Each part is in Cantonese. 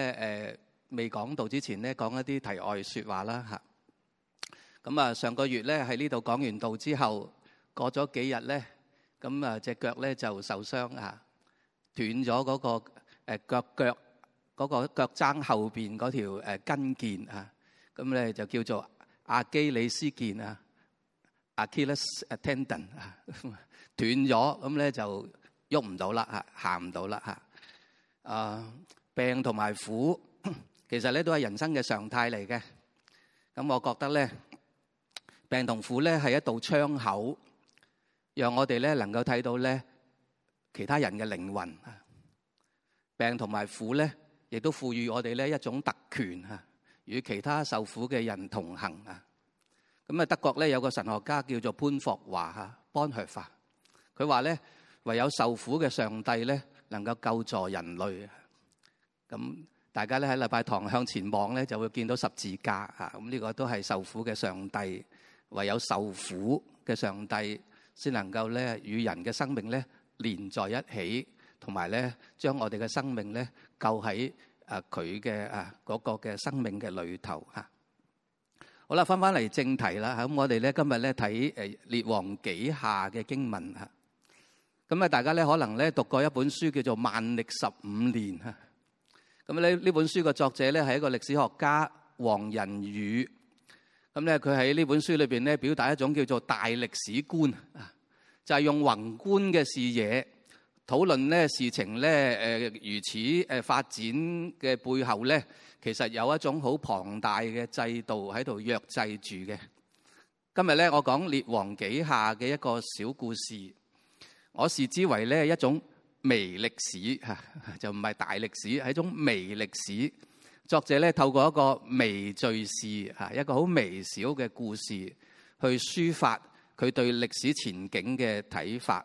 咧誒未講道之前咧講一啲題外説話啦嚇，咁啊上個月咧喺呢度講完道之後，過咗幾日咧，咁啊隻腳咧就受傷啊，斷咗嗰個誒腳腳嗰個腳踭後邊嗰條誒筋腱啊，咁咧就叫做阿基里斯腱啊，Achilles tendon 啊，斷咗，咁咧就喐唔到啦嚇，行唔到啦嚇，啊。病同埋苦，其實咧都係人生嘅常態嚟嘅。咁我覺得咧，病同苦咧係一道窗口，讓我哋咧能夠睇到咧其他人嘅靈魂啊。病同埋苦咧，亦都賦予我哋呢一種特權啊，與其他受苦嘅人同行啊。咁啊，德國咧有個神學家叫做潘霍華啊，邦卻凡，佢話咧唯有受苦嘅上帝咧能夠救助人類。咁大家咧喺禮拜堂向前望咧，就會見到十字架啊！咁、這、呢個都係受苦嘅上帝，唯有受苦嘅上帝先能夠咧與人嘅生命咧連在一起，同埋咧將我哋嘅生命咧救喺誒佢嘅誒嗰個嘅生命嘅裏頭啊！好啦，翻返嚟正題啦。咁我哋咧今日咧睇誒列王紀下嘅經文啊。咁啊，大家咧可能咧讀過一本書叫做《萬曆十五年》啊。咁咧呢本書嘅作者咧係一個歷史學家黃仁宇，咁咧佢喺呢本書裏邊咧表達一種叫做大歷史觀，就係用宏觀嘅視野討論呢事情咧誒如此誒發展嘅背後咧，其實有一種好龐大嘅制度喺度約制住嘅。今日咧我講列王紀下嘅一個小故事，我視之為咧一種。微歷史嚇就唔係大歷史，係一種微歷史。作者咧透過一個微敘事嚇，一個好微小嘅故事去抒發佢對歷史前景嘅睇法。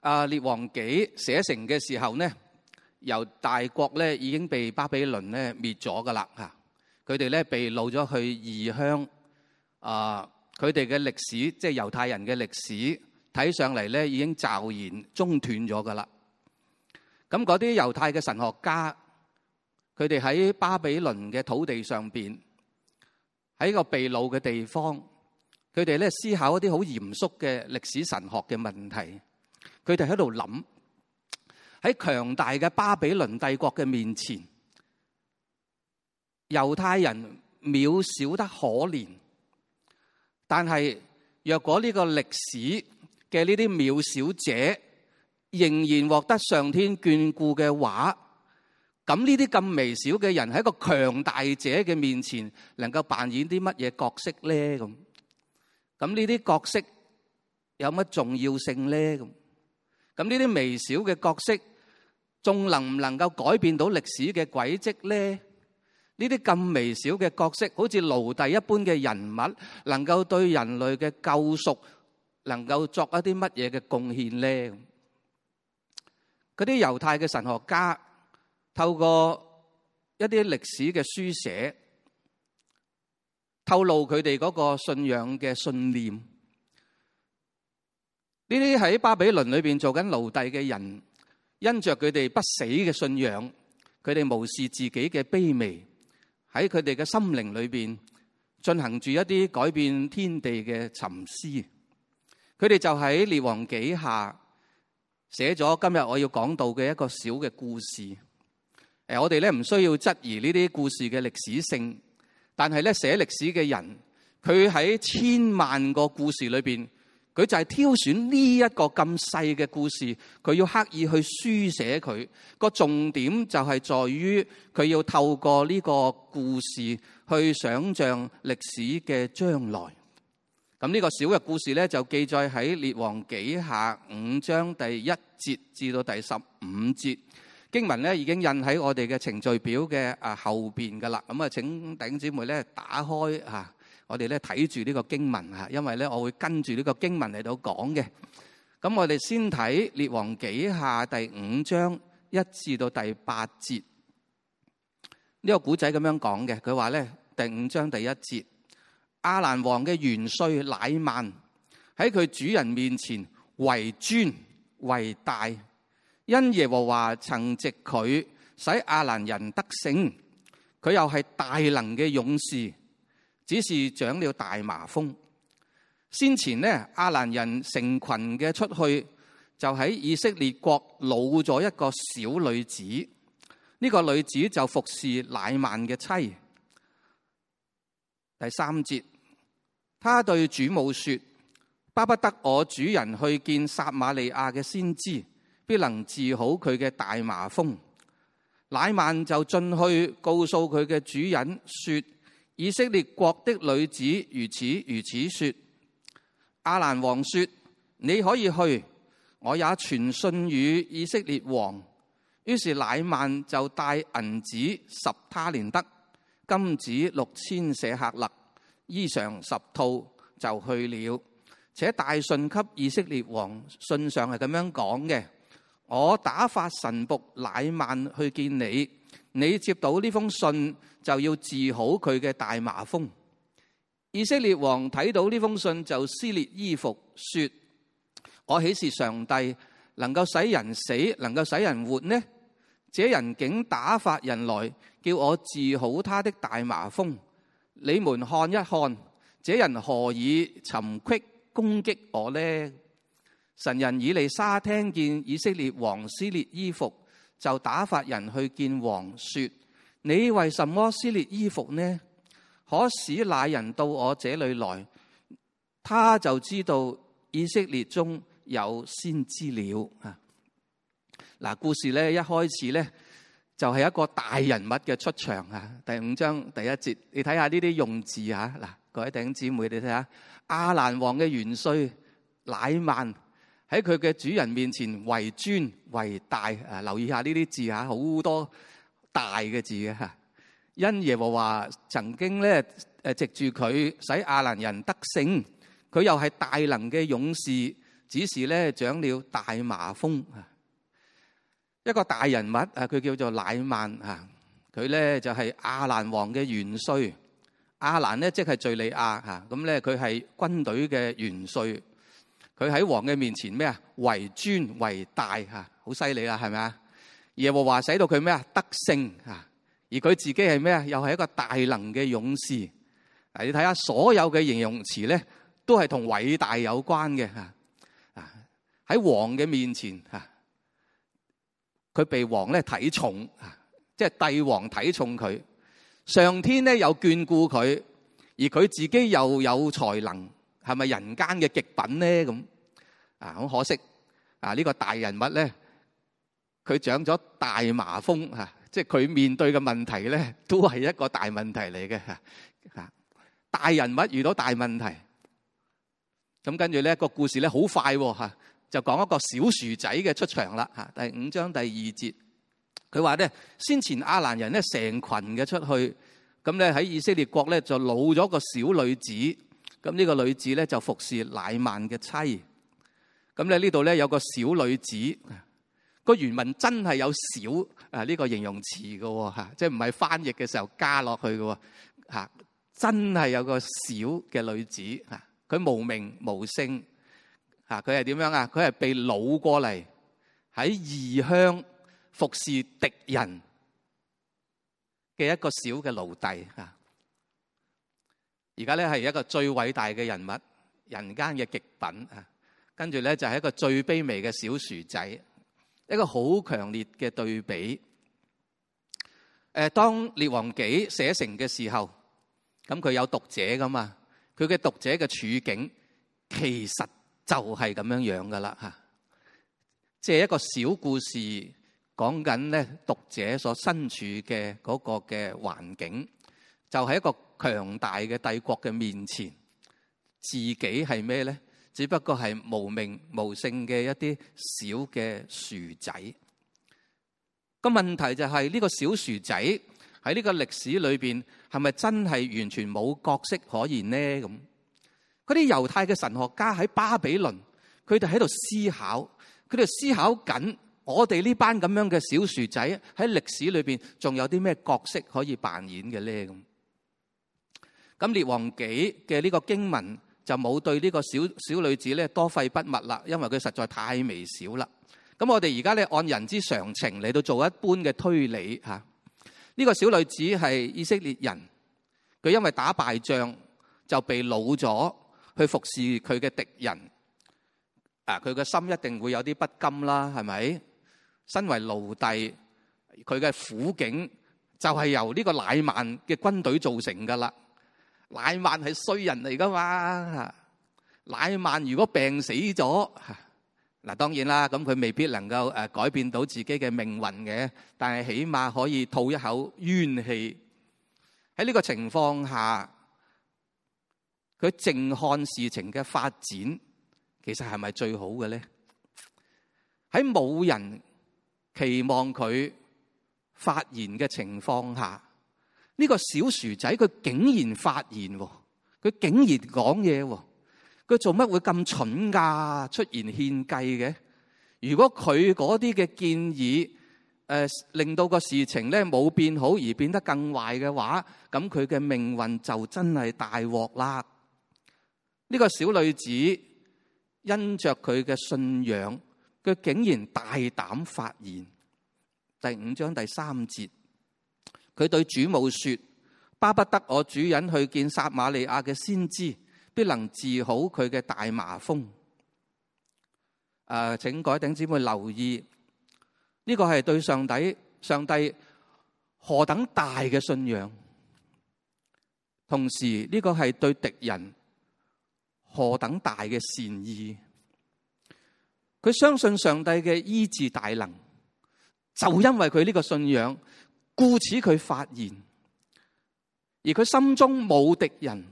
啊，列王紀寫成嘅時候呢，猶大國咧已經被巴比倫咧滅咗㗎喇嚇，佢哋咧被擄咗去異鄉。啊，佢哋嘅歷史即係猶太人嘅歷史。睇上嚟咧，已經驟然中斷咗㗎喇。咁嗰啲猶太嘅神學家，佢哋喺巴比倫嘅土地上邊，喺個被擄嘅地方，佢哋咧思考一啲好嚴肅嘅歷史神學嘅問題。佢哋喺度諗，喺強大嘅巴比倫帝國嘅面前，猶太人渺小得可憐，但係若果呢個歷史嘅呢啲渺小者仍然獲得上天眷顧嘅話，咁呢啲咁微小嘅人喺一個強大者嘅面前，能夠扮演啲乜嘢角色咧？咁咁呢啲角色有乜重要性咧？咁咁呢啲微小嘅角色，仲能唔能夠改變到歷史嘅軌跡咧？呢啲咁微小嘅角色，好似奴隸一般嘅人物，能夠對人類嘅救贖。能夠作一啲乜嘢嘅貢獻咧？嗰啲猶太嘅神學家透過一啲歷史嘅書寫，透露佢哋嗰個信仰嘅信念。呢啲喺巴比倫裏邊做緊奴隸嘅人，因着佢哋不死嘅信仰，佢哋無視自己嘅卑微，喺佢哋嘅心靈裏邊進行住一啲改變天地嘅沉思。佢哋就喺列王紀下寫咗今日我要講到嘅一個小嘅故事。誒，我哋咧，唔需要質疑呢啲故事嘅歷史性，但係咧，寫歷史嘅人，佢喺千萬個故事裏邊，佢就係挑選呢一個咁細嘅故事，佢要刻意去書寫佢，個重點就係在於佢要透過呢個故事去想象歷史嘅將來。咁、這、呢個小嘅故事咧，就記載喺列王紀下五章第一節至到第十五節經文咧，已經印喺我哋嘅程序表嘅啊後邊㗎喇。咁啊，請弟兄姊妹咧打開啊，我哋咧睇住呢個經文啊，因為咧我會跟住呢個經文嚟到講嘅。咁我哋先睇列王紀下第五章一至到第八節呢個古仔咁樣講嘅，佢話咧，第五章第一節。亞蘭王嘅元帥乃曼喺佢主人面前為尊為大，因耶和華曾藉佢使亞蘭人得勝。佢又係大能嘅勇士，只是長了大麻風。先前呢，亞蘭人成群嘅出去，就喺以色列國擄咗一個小女子。呢、這個女子就服侍乃曼嘅妻。第三節。他對主母說：巴不得我主人去見撒瑪利亞嘅先知，必能治好佢嘅大麻風。乃曼就進去告訴佢嘅主人說：以色列國的女子如此如此說。亞蘭王說：你可以去，我也傳信與以色列王。於是乃曼就帶銀子十他連得，金子六千舍客勒。衣裳十套就去了，且大信給以色列王，信上係咁樣講嘅：我打發神僕乃曼去見你，你接到呢封信就要治好佢嘅大麻風。以色列王睇到呢封信就撕裂衣服，說：我豈是上帝能夠使人死，能夠使人活呢？這人竟打發人來叫我治好他的大麻風。你們看一看，這人何以尋隙攻擊我呢？神人以利沙聽見以色列王撕裂衣服，就打發人去見王說：你為什麼撕裂衣服呢？可使那人到我這裏來，他就知道以色列中有先知了啊！嗱，故事咧一開始咧。就係、是、一個大人物嘅出場啊！第五章第一節，你睇下呢啲用字啊！嗱，各位弟兄姊妹，你睇下亞蘭王嘅元帥乃曼喺佢嘅主人面前為尊為大，誒，留意下呢啲字啊，好多大嘅字嘅吓。因耶和華曾經咧誒藉住佢使亞蘭人得勝，佢又係大能嘅勇士，只是咧長了大麻風。一個大人物啊，佢叫做乃曼啊，佢咧就係亞蘭王嘅元帥。亞蘭咧即係敘利亞吓，咁咧佢係軍隊嘅元帥。佢喺王嘅面前咩啊？為尊為大吓，好犀利啦，係咪啊？耶和華使到佢咩啊？得勝吓，而佢自己係咩啊？又係一個大能嘅勇士。嗱，你睇下所有嘅形容詞咧，都係同偉大有關嘅吓啊！喺王嘅面前吓。佢被王咧睇重，即係帝王睇重佢，上天咧又眷顧佢，而佢自己又有才能，係咪人間嘅極品咧？咁啊，好可惜啊！呢個大人物咧，佢長咗大麻風啊！即係佢面對嘅問題咧，都係一個大問題嚟嘅。吓大人物遇到大問題，咁跟住呢個故事咧，好快吓。就講一個小薯仔嘅出場啦嚇，第五章第二節，佢話咧先前阿蘭人咧成群嘅出去，咁咧喺以色列國咧就老咗個小女子，咁、這、呢個女子咧就服侍乃曼嘅妻，咁咧呢度咧有個小女子，個原文真係有小啊呢、這個形容詞嘅嚇，即係唔係翻譯嘅時候加落去嘅，嚇真係有個小嘅女子嚇，佢無名無姓。啊佢係點樣啊？佢係被擄過嚟喺異鄉服侍敵人嘅一個小嘅奴隸啊。而家咧係一個最偉大嘅人物，人間嘅極品啊。跟住咧就係一個最卑微嘅小薯仔，一個好強烈嘅對比。誒，當《列王紀》寫成嘅時候，咁佢有讀者噶嘛？佢嘅讀者嘅處境其實。就係、是、咁樣樣噶啦吓，即係一個小故事，講緊咧讀者所身處嘅嗰個嘅環境，就係一個強大嘅帝國嘅面前，自己係咩咧？只不過係無名無姓嘅一啲小嘅薯仔。個問題就係、是、呢、這個小薯仔喺呢個歷史裏邊，係咪真係完全冇角色可言呢？咁？嗰啲猶太嘅神學家喺巴比倫，佢哋喺度思考，佢哋思考緊我哋呢班咁樣嘅小薯仔喺歷史裏邊仲有啲咩角色可以扮演嘅咧？咁咁列王紀嘅呢個經文就冇對呢個小小女子咧多費筆墨啦，因為佢實在太微小啦。咁我哋而家咧按人之常情嚟到做一般嘅推理吓，呢個小女子係以色列人，佢因為打敗仗就被擄咗。去服侍佢嘅敵人，啊！佢嘅心一定會有啲不甘啦，係咪？身為奴隸，佢嘅苦境就係由呢個乃曼嘅軍隊造成噶啦。乃曼係衰人嚟噶嘛？乃曼如果病死咗，嗱當然啦，咁佢未必能夠誒改變到自己嘅命運嘅，但係起碼可以吐一口怨氣。喺呢個情況下，佢靜看事情嘅發展，其實係咪最好嘅咧？喺冇人期望佢發言嘅情況下，呢、這個小薯仔佢竟然發言，佢竟然講嘢，佢做乜會咁蠢噶、啊？出言獻計嘅，如果佢嗰啲嘅建議誒、呃、令到個事情咧冇變好而變得更壞嘅話，咁佢嘅命運就真係大鑊啦。呢個小女子因着佢嘅信仰，佢竟然大膽發言。第五章第三節，佢對主母說：巴不得我主人去見撒瑪利亞嘅先知，必能治好佢嘅大麻風。誒、呃，請各位弟兄姊妹留意，呢個係對上帝上帝何等大嘅信仰，同時呢個係對敵人。何等大嘅善意？佢相信上帝嘅醫治大能，就因為佢呢個信仰，故此佢發言。而佢心中冇敵人，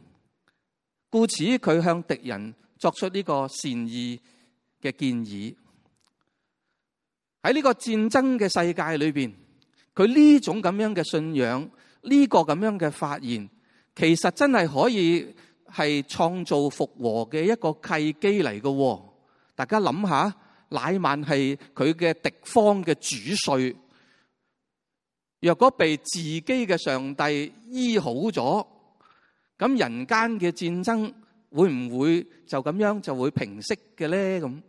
故此佢向敵人作出呢個善意嘅建議。喺呢個戰爭嘅世界裏邊，佢呢種咁樣嘅信仰，呢個咁樣嘅發言，其實真係可以，係創造復和嘅一個契機嚟嘅，大家諗下，乃曼係佢嘅敵方嘅主帥，若果被自己嘅上帝醫好咗，咁人間嘅戰爭會唔會就咁樣就會平息嘅咧？咁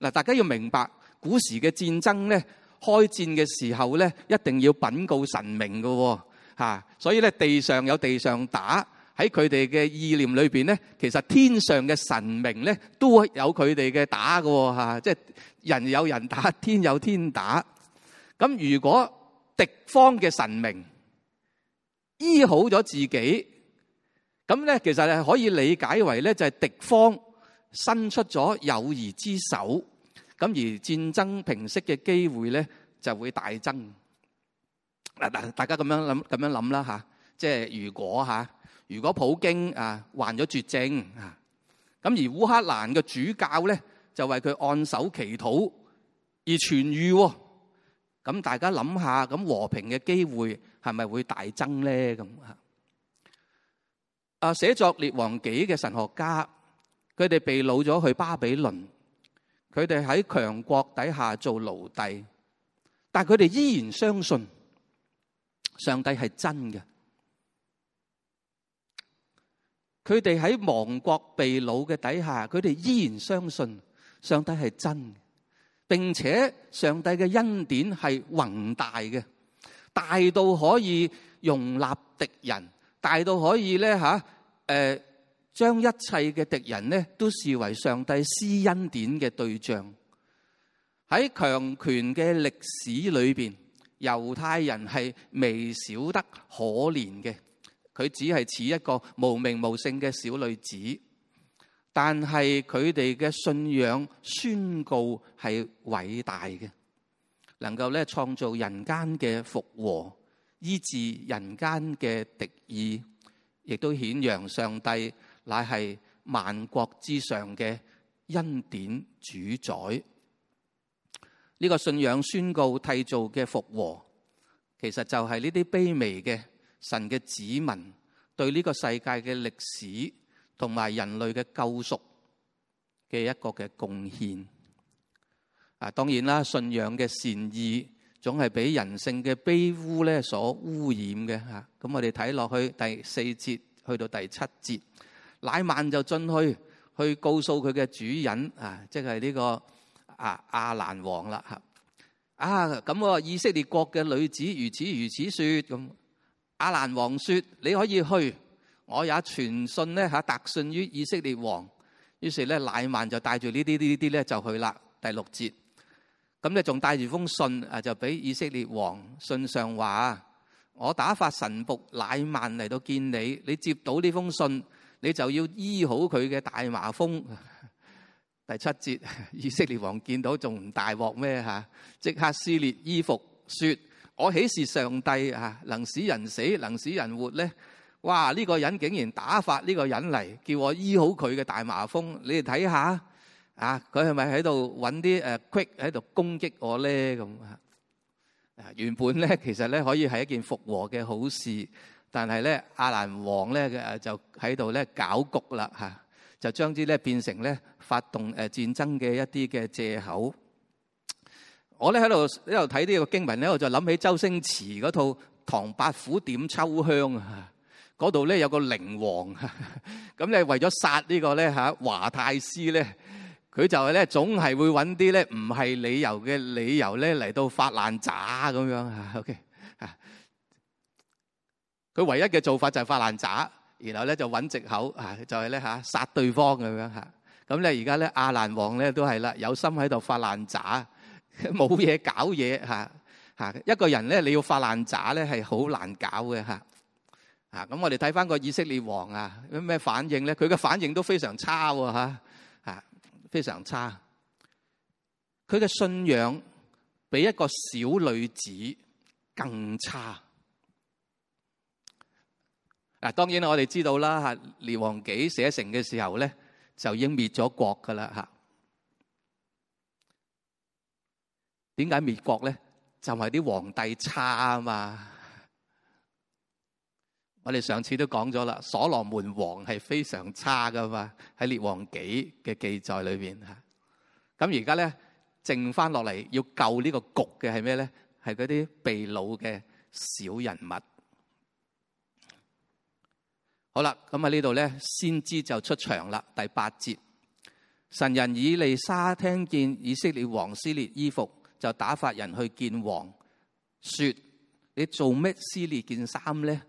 嗱，大家要明白，古時嘅戰爭咧，開戰嘅時候咧，一定要禀告神明嘅，嚇，所以咧地上有地上打。喺佢哋嘅意念裏邊咧，其實天上嘅神明咧都有佢哋嘅打㗎吓，即係人有人打，天有天打。咁如果敵方嘅神明醫好咗自己，咁咧其實係可以理解為咧就係敵方伸出咗友誼之手，咁而戰爭平息嘅機會咧就會大增。嗱，大家咁樣諗，咁樣諗啦吓，即係如果吓。如果普京啊患咗絕症啊，咁而烏克蘭嘅主教咧就為佢按手祈禱而痊癒，咁大家諗下，咁和平嘅機會係咪會大增咧？咁啊，啊寫作《列王紀》嘅神學家，佢哋被擄咗去巴比倫，佢哋喺強國底下做奴隸，但係佢哋依然相信上帝係真嘅。佢哋喺亡國被擄嘅底下，佢哋依然相信上帝係真嘅，並且上帝嘅恩典係宏大嘅，大到可以容納敵人，大到可以咧吓，誒、啊呃，將一切嘅敵人咧都視為上帝施恩典嘅對象。喺強權嘅歷史裏邊，猶太人係微少得可憐嘅。佢只係似一個無名無姓嘅小女子，但係佢哋嘅信仰宣告係偉大嘅，能夠咧創造人間嘅復和，醫治人間嘅敵意，亦都顯揚上帝乃係萬國之上嘅恩典主宰。呢、呢個信仰宣告締造嘅復和，其實就係呢啲卑微嘅。神嘅子民對呢個世界嘅歷史同埋人類嘅救贖嘅一個嘅貢獻啊，當然啦，信仰嘅善意總係俾人性嘅卑污咧所污染嘅吓。咁、嗯、我哋睇落去第四節去到，到第七節，乃曼就進去去告訴佢嘅主人啊，即係呢、這個啊亞蘭王啦吓啊，咁、啊、我、啊啊啊啊啊、以色列國嘅女子如此如此說咁。亞蘭王說：你可以去，我也傳信呢吓，達信於以色列王。於是咧，乃曼就帶住呢啲呢啲咧就去啦。第六節，咁咧仲帶住封信啊，就俾以色列王。信上話：我打發神僕乃曼嚟到見你，你接到呢封信，你就要醫好佢嘅大麻風。第七節，以色列王見到仲唔大鑊咩吓？即刻撕裂衣服，說。我豈是上帝啊，能使人死，能使人活咧。哇！呢、這個人竟然打發呢個人嚟，叫我醫好佢嘅大麻風，你哋睇下啊，佢係咪喺度揾啲誒 quick 喺度攻擊我咧咁啊？原本咧，其實咧可以係一件復和嘅好事，但係咧，亞蘭王咧誒就喺度咧搞局啦吓，就將之咧變成咧發動誒戰爭嘅一啲嘅借口。我咧喺度一度睇呢個經文咧，我就諗起周星馳嗰套《唐伯虎點秋香》啊，嗰度咧有個寧王咁咧，為咗殺呢個咧吓華太師咧，佢就係咧總係會揾啲咧唔係理由嘅理由咧嚟到發爛渣咁樣。O.K. 佢唯一嘅做法就係發爛渣，然後咧就揾藉口啊，就係咧吓殺對方咁樣吓。咁咧而家咧阿蘭王咧都係啦，有心喺度發爛渣。冇嘢搞嘢嚇嚇，一個人咧你要發爛渣咧係好難搞嘅嚇嚇。咁我哋睇翻個以色列王啊，咩反應咧？佢嘅反應都非常差喎嚇嚇，非常差。佢嘅信仰比一個小女子更差。嗱，當然我哋知道啦嚇，列王紀寫成嘅時候咧，就已經滅咗國噶啦嚇。點解滅國咧？就係、是、啲皇帝差啊嘛。我哋上次都講咗啦，所羅門王係非常差噶嘛，喺列王紀嘅記載裏邊吓，咁而家咧剩翻落嚟要救呢個局嘅係咩咧？係嗰啲被擄嘅小人物。好啦，咁喺呢度咧，先知就出場啦。第八節，神人以利沙聽見以色列王撕裂衣服。就打發人去見王，説，你做咩撕裂件衫咧？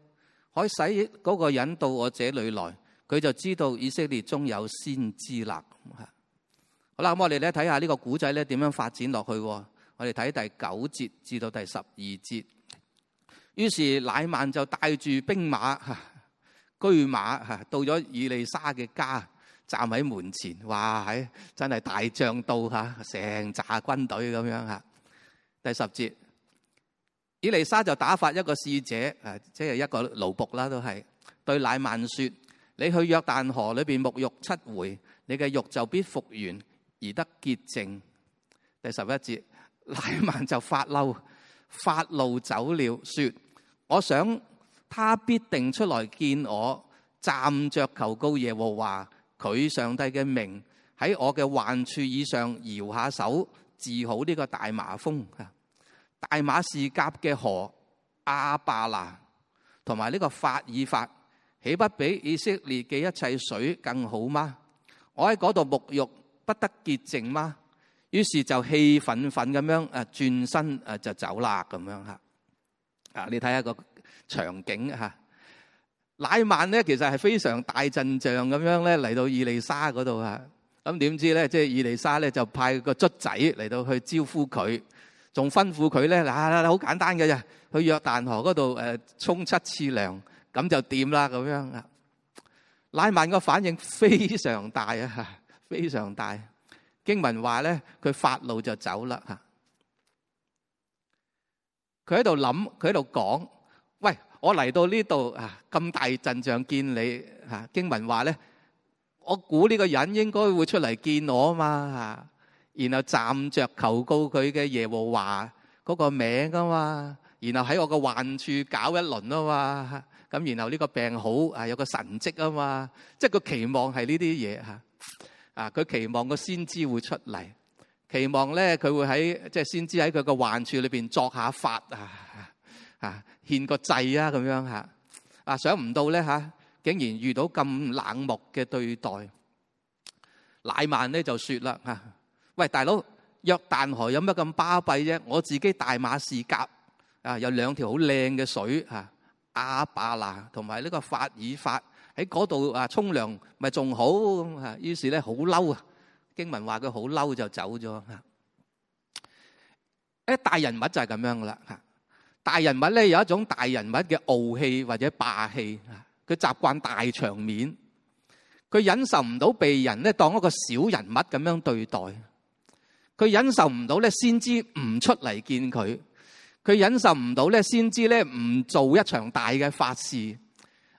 可以使嗰個人到我這裏來，佢就知道以色列中有先知啦。好啦，咁我哋咧睇下呢個古仔咧點樣發展落去。我哋睇第九節至到第十二節。於是乃曼就帶住兵馬居馬到咗以利沙嘅家。站喺門前，哇！喺真係大將到嚇，成紮軍隊咁樣嚇。第十節，以利沙就打發一個使者，誒，即係一個奴僕啦，都係對乃曼説：你去約旦河裏邊沐浴七回，你嘅肉就必復原而得潔淨。第十一節，乃曼就發嬲，發怒走了，説：我想他必定出來見我，站着求告耶和華。佢上帝嘅名喺我嘅患處以上搖下手，治好呢個大麻風，大馬士革嘅河阿巴拿同埋呢個法爾法，豈不比以色列嘅一切水更好嗎？我喺嗰度沐浴不得潔淨嗎？於是就氣憤憤咁樣誒轉身誒就走啦咁樣吓啊！你睇下個場景吓。乃曼咧，其實係非常大陣仗咁樣咧嚟到伊利沙嗰度啊！咁點知咧，即係伊利沙咧就派個卒仔嚟到去招呼佢，仲吩咐佢咧嗱，好簡單嘅啫，去約旦河嗰度誒沖七次涼，咁就掂啦咁樣啊！乃曼個反應非常大啊，非常大！經文話咧，佢發怒就走啦，佢喺度諗，佢喺度講。我嚟到呢度啊，咁大陣仗見你啊！經文話咧，我估呢個人應該會出嚟見我嘛啊嘛，然後站着求告佢嘅耶和華嗰個名㗎嘛、啊啊，然後喺我個患處搞一輪啊嘛，咁、啊啊、然後呢個病好啊，有個神蹟啊嘛、啊，即係佢期望係呢啲嘢啊！佢期望個先知會出嚟，期望咧佢會喺即係先知喺佢個患處裏面作下法啊！啊，獻個祭啊，咁樣嚇啊！想唔到咧嚇，竟然遇到咁冷漠嘅對待。乃曼咧就説啦嚇，喂大佬，約旦河有咩咁巴閉啫？我自己大馬士革，啊，有兩條好靚嘅水嚇，亞巴拿同埋呢個法爾法喺嗰度啊沖涼，咪仲好咁啊？於是咧好嬲啊！經文話佢好嬲就走咗嚇。誒大人物就係咁樣噶啦嚇。大人物咧有一種大人物嘅傲氣或者霸氣，佢習慣大場面，佢忍受唔到被人咧當一個小人物咁樣對待，佢忍受唔到咧先知唔出嚟見佢，佢忍受唔到咧先知咧唔做一場大嘅法事，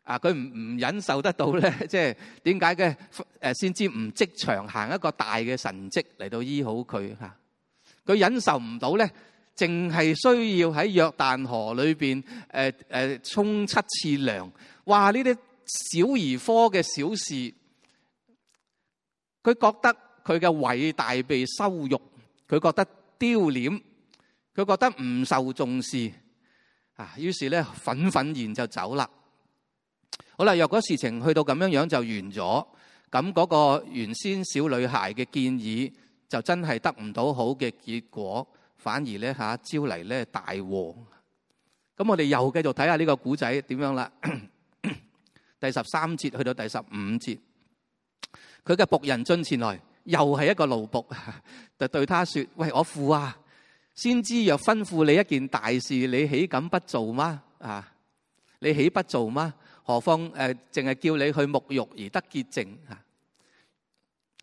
啊，佢唔唔忍受得到咧即係點解嘅誒先知唔即場行一個大嘅神蹟嚟到醫好佢嚇，佢忍受唔到咧。淨係需要喺約旦河裏邊誒誒沖七次涼，哇！呢啲小兒科嘅小事，佢覺得佢嘅偉大被羞辱，佢覺得丟臉，佢覺得唔受重視啊！於是咧，忿忿然就走啦。好啦，若果事情去到咁樣樣就完咗，咁嗰個原先小女孩嘅建議就真係得唔到好嘅結果。反而咧，嚇招嚟咧大禍，咁我哋又繼續睇下呢個古仔點樣啦。 第十三節去到第十五節，佢嘅僕人進前來，又係一個奴僕，就對他說：喂，我父啊，先知若吩咐你一件大事，你豈敢不做嗎？啊，你豈不做嗎？何況誒，呃、淨係叫你去沐浴而得潔淨啊。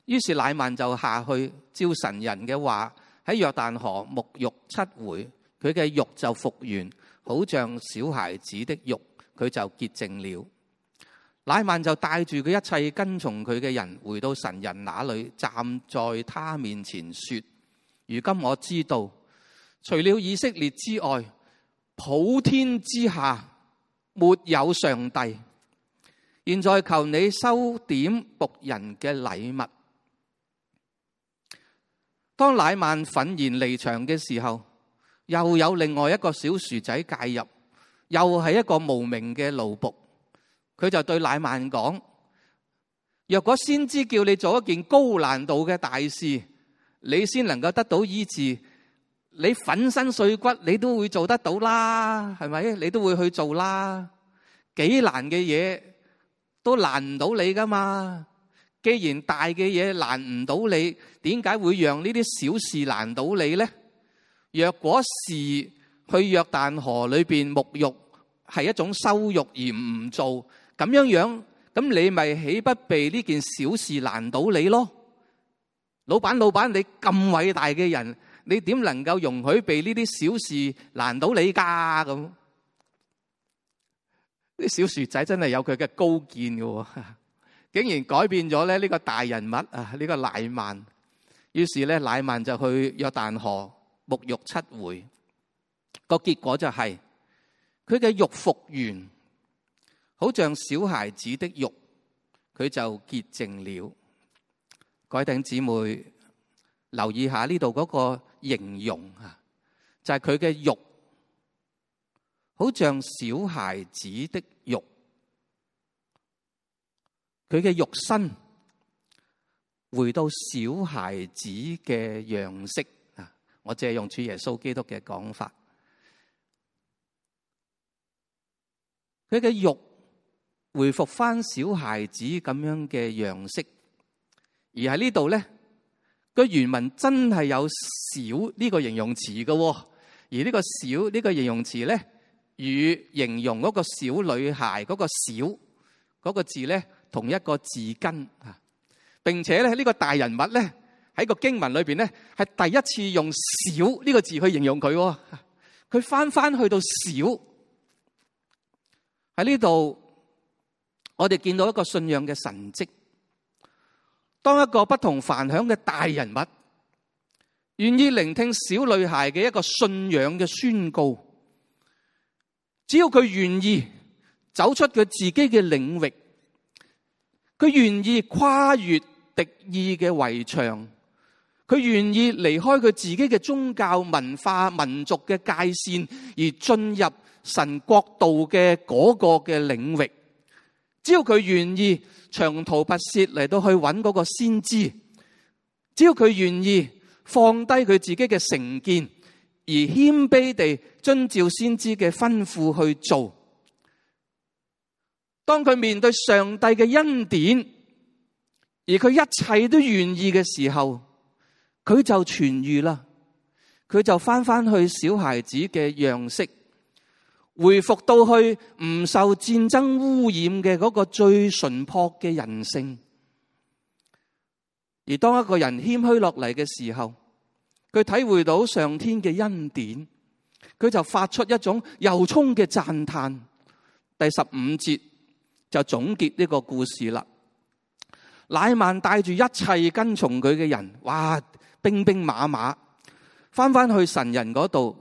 於是乃曼就下去招神人嘅話。喺約旦河沐浴七回，佢嘅肉就復原，好像小孩子的肉，佢就潔淨了。乃曼就帶住佢一切跟從佢嘅人，回到神人那裏，站在他面前說：如今我知道，除了以色列之外，普天之下沒有上帝。現在求你收點僕人嘅禮物。當乃曼憤然離場嘅時候，又有另外一個小薯仔介入，又係一個無名嘅奴僕，佢就對乃曼講：若果先知叫你做一件高難度嘅大事，你先能夠得到醫治，你粉身碎骨你都會做得到啦，係咪？你都會去做啦，幾難嘅嘢都難唔到你噶嘛。既然大嘅嘢難唔到你，點解會讓呢啲小事難到你咧？若果是去約旦河裏邊沐浴，係一種羞辱而唔做咁樣樣，咁你咪豈不被呢件小事難到你咯？老闆老闆，你咁偉大嘅人，你點能夠容許被呢啲小事難到你㗎？咁啲小薯仔真係有佢嘅高見嘅喎，哦。竟然改變咗咧，呢個大人物啊，呢個乃曼，於是咧，乃曼就去約但河沐浴七回，個結果就係佢嘅肉復原，好像小孩子的肉，佢就潔淨了。各位姊妹留意下呢度嗰個形容啊，就係佢嘅肉，好像小孩子的肉。佢嘅肉身回到小孩子嘅樣式啊！我淨係用主耶穌基督嘅講法，佢嘅肉回復翻小孩子咁樣嘅樣式。而喺呢度咧，個原文真係有小呢個形容詞嘅，而呢個小呢個形容詞咧，與形容嗰個小女孩嗰個小嗰個字咧。同一個字根啊，並且咧呢個大人物咧喺個經文裏邊咧係第一次用少呢個字去形容佢，佢翻翻去到少。喺呢度，我哋見到一個信仰嘅神蹟。當一個不同凡響嘅大人物願意聆聽小女孩嘅一個信仰嘅宣告，只要佢願意走出佢自己嘅領域。佢願意跨越敵意嘅圍牆，佢願意離開佢自己嘅宗教、文化、民族嘅界綫，而進入神國度嘅嗰個嘅領域。只要佢願意長途跋涉嚟到去揾嗰個先知，只要佢願意放低佢自己嘅成見，而謙卑地遵照先知嘅吩咐去做。當佢面對上帝嘅恩典，而佢一切都願意嘅時候，佢就痊愈啦。佢就翻翻去小孩子嘅樣式，回復到去唔受戰爭污染嘅嗰個最純樸嘅人性。而當一個人謙虛落嚟嘅時候，佢體會到上天嘅恩典，佢就發出一種由衷嘅讚嘆。第十五節。就總結呢個故事啦。乃曼帶住一切跟從佢嘅人，哇，兵兵馬馬，翻翻去神人嗰度，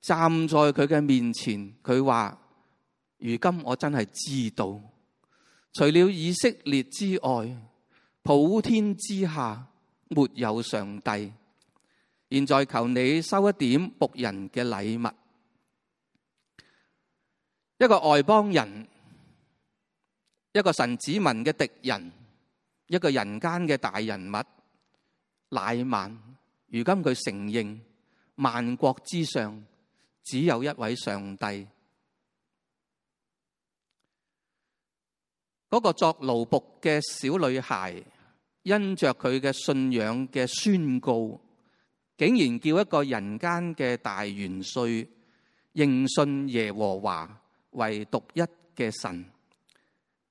站在佢嘅面前，佢話：如今我真係知道，除了以色列之外，普天之下沒有上帝。現在求你收一點僕人嘅禮物，一個外邦人。一個神子民嘅敵人，一個人間嘅大人物，乃縵，如今佢承認萬國之上只有一位上帝。嗰、那個作奴僕嘅小女孩，因着佢嘅信仰嘅宣告，竟然叫一個人間嘅大元帥認信耶和華為獨一嘅神。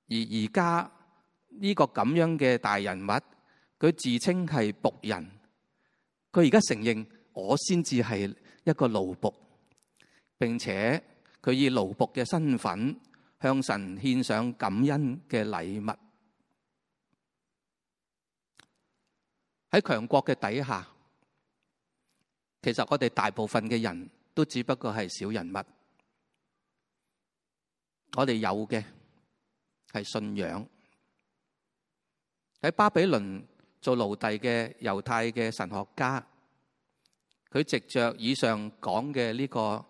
而而家呢個咁樣嘅大人物，佢自稱係僕人，佢而家承認我先至係一個奴僕，並且佢以奴僕嘅身份向神獻上感恩嘅禮物。喺強國嘅底下，其實我哋大部分嘅人都只不過係小人物，我哋有嘅。係信仰喺巴比倫做奴隸嘅猶太嘅神學家，佢藉着以上講嘅呢個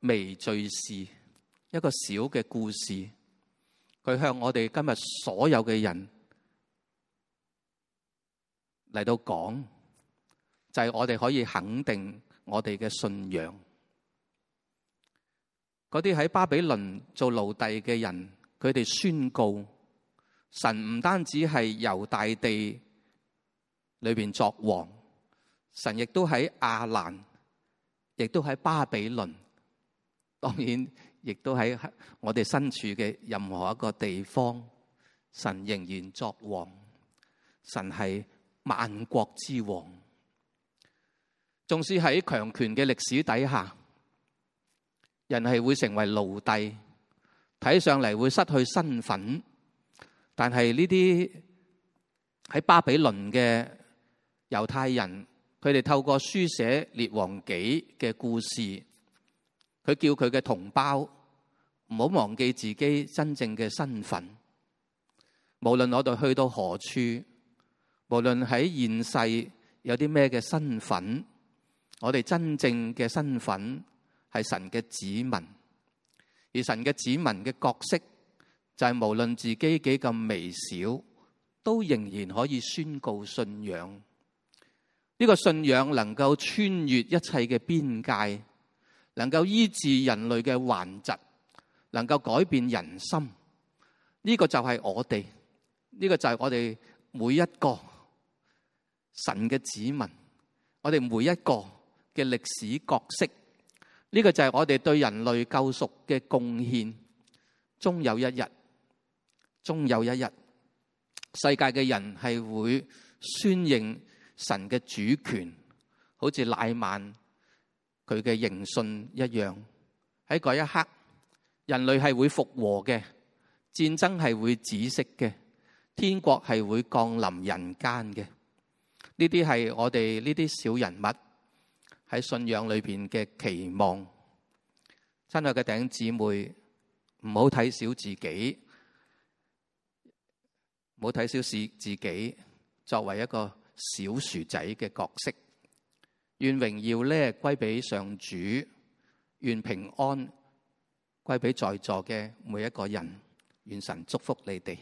微罪事，一個小嘅故事，佢向我哋今日所有嘅人嚟到講，就係、是、我哋可以肯定我哋嘅信仰。嗰啲喺巴比倫做奴隸嘅人。佢哋宣告：神唔單止係猶大地裏邊作王，神亦都喺亞蘭，亦都喺巴比倫，當然亦都喺我哋身處嘅任何一個地方，神仍然作王。神係萬國之王，縱使喺強權嘅歷史底下，人係會成為奴隸。睇上嚟會失去身份，但係呢啲喺巴比倫嘅猶太人，佢哋透過書寫列王紀嘅故事，佢叫佢嘅同胞唔好忘記自己真正嘅身份。無論我哋去到何處，無論喺現世有啲咩嘅身份，我哋真正嘅身份係神嘅子民。而神嘅子民嘅角色，就係、是、無論自己幾咁微小，都仍然可以宣告信仰。呢、這個信仰能夠穿越一切嘅邊界，能夠醫治人類嘅患疾，能夠改變人心。呢、這個就係我哋，呢、這個就係我哋每一個神嘅子民，我哋每一個嘅歷史角色。呢、這個就係我哋對人類救贖嘅貢獻，終有一日，終有一日，世界嘅人係會宣認神嘅主權，好似乃曼佢嘅認信一樣。喺嗰一刻，人類係會復和嘅，戰爭係會止息嘅，天國係會降臨人間嘅。呢啲係我哋呢啲小人物喺信仰裏邊嘅期望，親愛嘅弟兄姊妹，唔好睇小自己，唔好睇小自己作為一個小薯仔嘅角色。願榮耀咧歸俾上主，願平安歸俾在座嘅每一個人，願神祝福你哋。